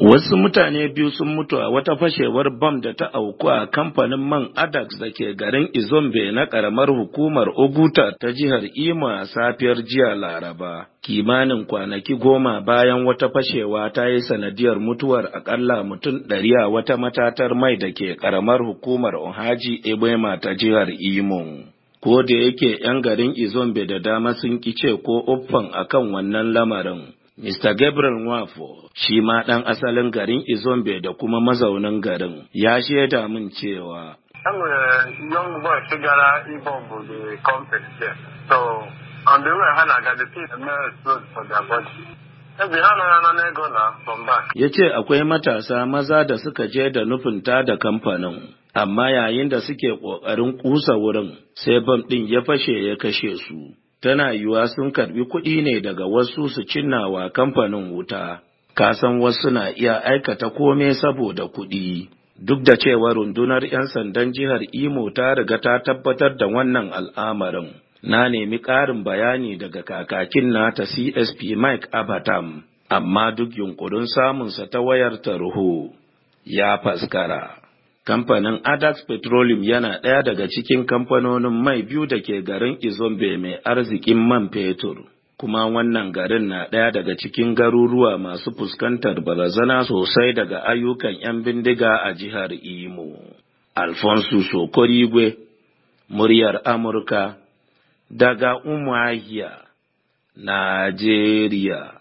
Wasu mutane biyu sun mutu a wata fashewar bam da ta auku a kamfanin man Adax da ke garin Izombe na ƙaramar hukumar Oguta ta jihar Imo a safiyar jiya Laraba. Kimanin kwanaki goma bayan wata fashewa ta yi sanadiyar mutuwar akalla mutum ɗari a wata matatar mai da ke ƙaramar hukumar Ohaji Ebema ta jihar Imo. Ko da yake 'yan garin Izombe da dama sun ƙi ko uffan akan wannan lamarin. Mr. Gabriel Nwafo, shi ma ɗan asalin garin Izombe da kuma mazaunin garin, ya shaida min cewa. Uh, boy su gara the company there. So, on the way, the explode their body. Ya ce akwai matasa maza da suka je da nufinta da kamfanin, amma yayin da suke ƙoƙarin ƙusa wurin, sai bam ɗin ya fashe ya kashe su. tana yiwuwa sun karbi kuɗi ne daga wasu su cinnawa kamfanin wuta, kasan wasu na iya aikata kome saboda kuɗi. Duk da cewa rundunar 'yan sandan jihar Imo ta riga ta tabbatar da wannan al'amarin, na nemi ƙarin bayani daga kakakin nata CSP Mike Abatam, amma duk yunkurin samunsa ta wayar ta tarho ya faskara. Kamfanin Adax Petroleum yana ɗaya daga cikin kamfanonin mai biyu da ke garin Izombe mai arzikin man fetur. Kuma wannan garin na ɗaya daga cikin garuruwa masu fuskantar barazana sosai daga ayyukan 'yan bindiga a jihar Imo. Alfonso Sokorigwe, muryar Amurka, daga Umuahia, Najeriya.